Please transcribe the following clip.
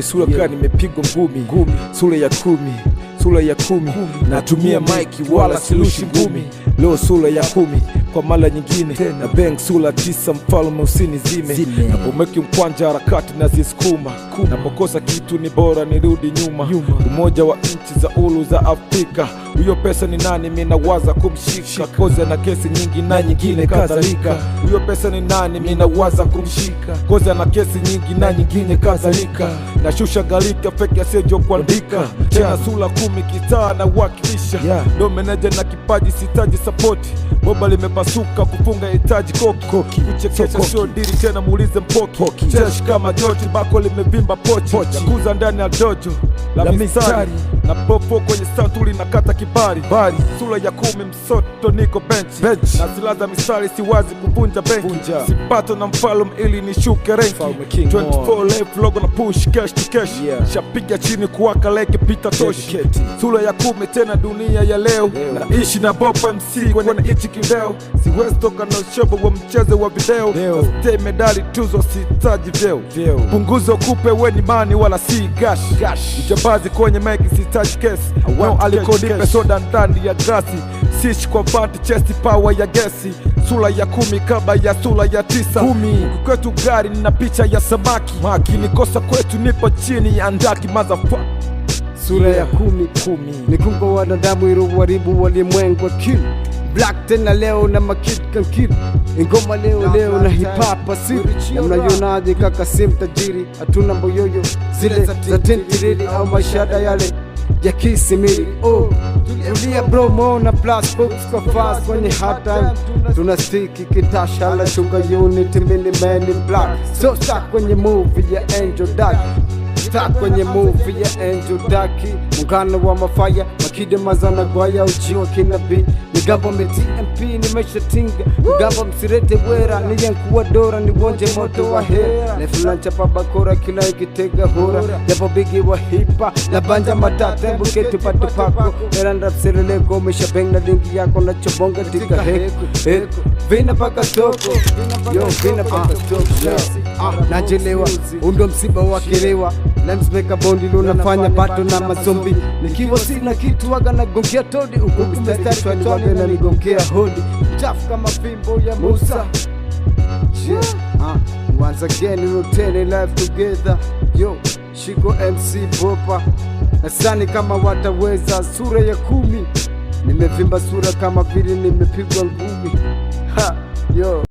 sura yeah. Kani nimepigwa ngumi sura ya kumi sura ya kumi, natumia maiki wala silushi ngumi, leo sura ya kumi kwa mala nyingine na beng sula tisa mfalme usinizime zime. na bomeki mkwanja harakati nazisukuma napokosa kitu ni bora nirudi nyuma. Yuma. umoja wa nchi za ulu za Afrika huyo pesa ni nani? Minawaza kumshika koza na kesi nyingi na nyingine kadhalika. Huyo pesa ni nani? Minawaza kumshika koza na kesi nyingi na nyingine kadhalika. Nashusha galika feki asejo kuandika tena sura kumi kitaa na wakilisha ndo yeah. meneja na kipaji sitaji sapoti boba limepa masuka kufunga hitaji koki kuchekesha sio diri tena muulize mpoki cheshi kama joti bako limevimba pochi kuza ndani ya dojo la, la mistari na popo kwenye santuli na kata kibari bari sura ya kumi msoto niko benchi bench. na zila za misari siwazi kuvunja benki sipato na mfalum ili nishuke renki 24 life logo na push cash to cash yeah. shapiga chini kuwaka leke pita toshi sura ya kumi tena dunia ya leo, leo. naishi na bopa mc kwenye ichi kindeo siwezi toka na shobo wa mchezo wa video stay medali tuzo sitaji vyeo punguzo kupe weni mani wala si gash mjambazi kwenye meki touch case no alikodi pesoda ndani ya grasi sich kwa vant chest power ya gesi sura ya kumi kaba ya sura ya tisa kumi kwetu gari na picha ya samaki maki nikosa kwetu nipo chini ya ndaki mazafa sura ya kumi kumi mikungo wanadamu iruwaribu walimwengu akili black tena leo na makit kankid ingoma leo leo na hip hop asiri kaka sim tajiri hatuna mboyoyo zile za tentirili au mashada yale ya Kisimili oh, tulia bro mona plus books kwa fast kwenye time tunastiki kitasha la shuga unit milimeni black so stuck kwenye movie ya angel dark start kwenye movie ya Angel Daki, mungano wa mafaya makide mazana gwaya uchiwa kinabii migabo mtmp tinga migabo msirete wera nkuwa dora niwonje moto wa hera nefulanchapa pabakora kila ikitega hora japo bigi wa hipa na banja matata mbuketupatupako pselele meshabeng benga dingi yako nachobonga tika heku eko vina paka soko yo vina paka ah, soko ah, ah, nachelewa undo msiba wa kerewa lemsmeka bondi lunafanya bato na mazombi nikiwa sina kitu waga nagongea todi huku mistari nanigongea hodi chafu kama fimbo ya Musa yeah. uh, once again we will turn it life together yo shiko MC proper nasani kama wataweza sura ya kumi Nimevimba sura kama vile nimepigwa ngumi. Ha, yo.